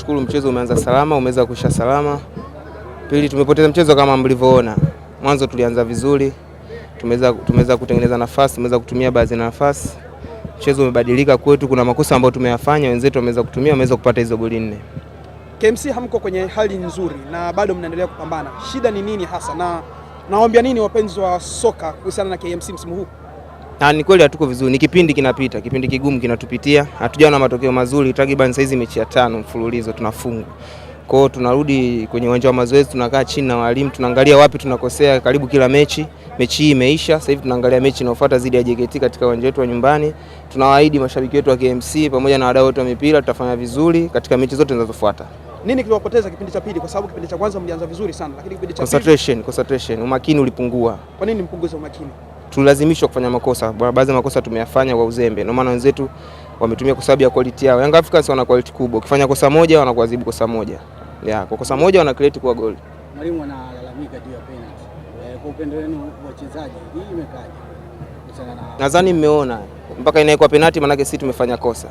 Shukuru, mchezo umeanza salama, umeweza kuisha salama. Pili, tumepoteza mchezo kama mlivyoona mwanzo, tulianza vizuri, tumeweza tumeweza kutengeneza nafasi, tumeweza kutumia baadhi na nafasi. Mchezo umebadilika kwetu, kuna makosa ambayo tumeyafanya, wenzetu wameweza kutumia, wameweza kupata hizo goli nne. KMC hamko kwenye hali nzuri na bado mnaendelea kupambana, shida ni nini hasa, na naomba nini wapenzi wa soka kuhusiana na KMC msimu huu? Na ni kweli hatuko vizuri, ni kipindi kinapita, kipindi kigumu kinatupitia, na matokeo mazuri, takriban saizi mechi ya tano mfululizo tunafungwa. Kwa hiyo tunarudi kwenye uwanja wa mazoezi, tunakaa chini na walimu, tunaangalia wapi tunakosea karibu kila mechi. Mechi hii imeisha, sasa hivi tunaangalia mechi inayofuata dhidi ya JKT katika uwanja wetu wa nyumbani. Tunawaahidi mashabiki wetu wa KMC pamoja na wadau wote wa mipira tutafanya vizuri katika mechi zote zinazofuata. Nini kiliwapoteza kipindi cha pili? Kwa sababu kipindi cha kwanza mlianza vizuri sana, lakini kipindi cha pili concentration, concentration, umakini ulipungua. Kwa nini mpunguze umakini? tulilazimishwa kufanya makosa, baadhi ya makosa tumeyafanya kwa uzembe, ndio maana wenzetu wametumia kwa sababu ya quality yao. Yanga Africans wana quality kubwa, ukifanya kosa moja wanakuadhibu kosa moja ya, kwa kosa moja wana create kwa goli. Mwalimu analalamika juu ya penalty. Eh, kwa upendo wenu wachezaji, hii imekaje? Nadhani mmeona mpaka inaikuwa penalty, maanake sisi tumefanya kosa,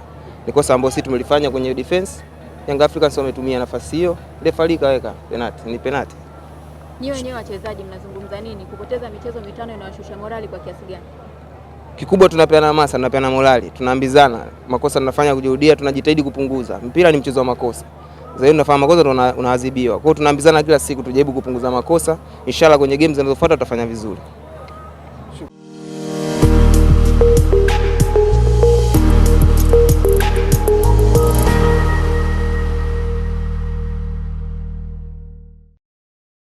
ni kosa ambayo sisi tumelifanya kwenye defense. Yanga Africans wametumia nafasi hiyo, refa kaweka penalty, ni penalty. Nyie wenyewe wachezaji mnazungumza nini? Kupoteza michezo mitano inawashusha morali kwa kiasi gani? Kikubwa tunapeana hamasa, tunapeana morali, tunaambizana makosa tunafanya kujirudia, tunajitahidi kupunguza. Mpira ni mchezo wa makosa zaidi, tunafanya makosa ndio unaadhibiwa. Kwa hiyo tunaambizana kila siku, tujaribu kupunguza makosa. Inshallah kwenye game zinazofuata tutafanya vizuri.